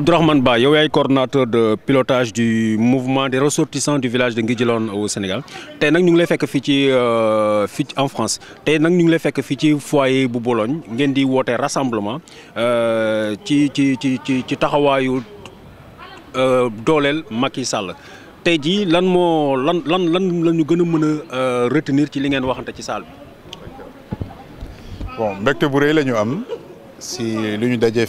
Abdourahmane Ba, yow yaay coordinateur de pilotage du mouvement des ressortissants du village de Ngidjilone au Sénégal tey nag ñu ngi lay fekk fii ci euh, fii en France tey nag ñu ngi lay fekk fii ci foyer bu Bologne ngeen di woote rassemblement euh, ci ci ci ci ci taxawaayu euh, dooleel Macky Sall tey jii lan moo lan lan lan la ñu gën a mën a retenir ci li ngeen waxante ci salle bi. bon mbégte bu rëy la ñu am si lu ñu daje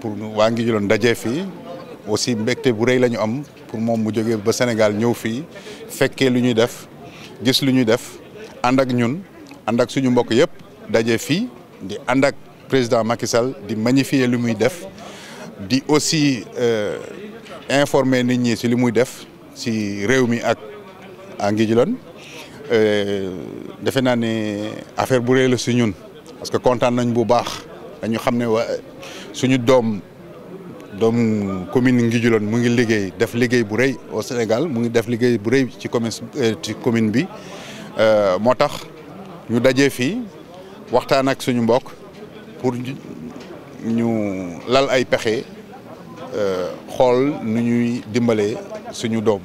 pour nous, ngi aussi pour bu pour pour mu pour ba Sénégal ñëw def gis def ak ñun ak président Makissal, Sall di magnifier lu muy def aussi euh, informer nit ñi si li muy à euh nous, pour affaire bu la parce que content nañ bu baax dañu xamné wa suñu dom dom commune Nguidiouloune mu ngi liggéey def liggéey bu reuy au Sénégal mu ngi def liggéey bu reuy ci commune euh, ci commune bi euh motax ñu dajé fi waxtaan ak suñu mbokk pour ñu lal ay pexé euh xol nu ñuy dimbalé suñu dom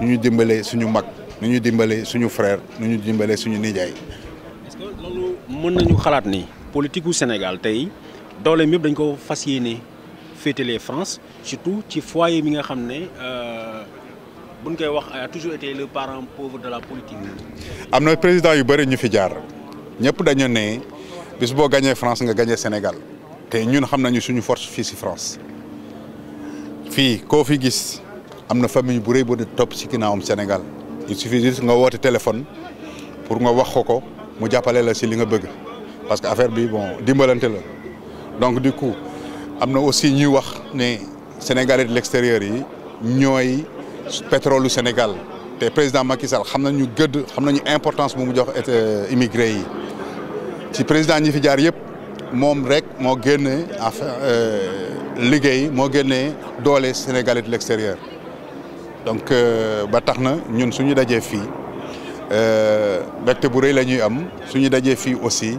nu ñuy dimbalee suñu mag nu ñuy dimbalé suñu frère nu ñuy dimbalé suñu nijaay. est-ce que lolu mën nañu xalaat ni politique au Sénégal tay dolé mbé dañ ko fas yéene féetalee France surtout ci foyer mi nga xamné euh buñ koy wax a toujours été le parent pauvre de la politique. amna président yu bari ñu fi jaar ñëpp dañu né bis bo gagner France nga gagner Sénégal te ñun xamnañu suñu force fi ci France fi ko fi gis amna na famille bu rëy bo top ci ginnaawam Sénégal il suffit juste nga woté téléphone pour nga wax ko mu jappalé la ci li nga bëgg parce que l'affaire bi bon dimbalante donc du coup aussi des sénégalais de l'extérieur yi le pétrole du Sénégal le président Macky Sall importance bu mu jox euh, immigré président euh, sénégalais de l'extérieur donc nous, il nous aussi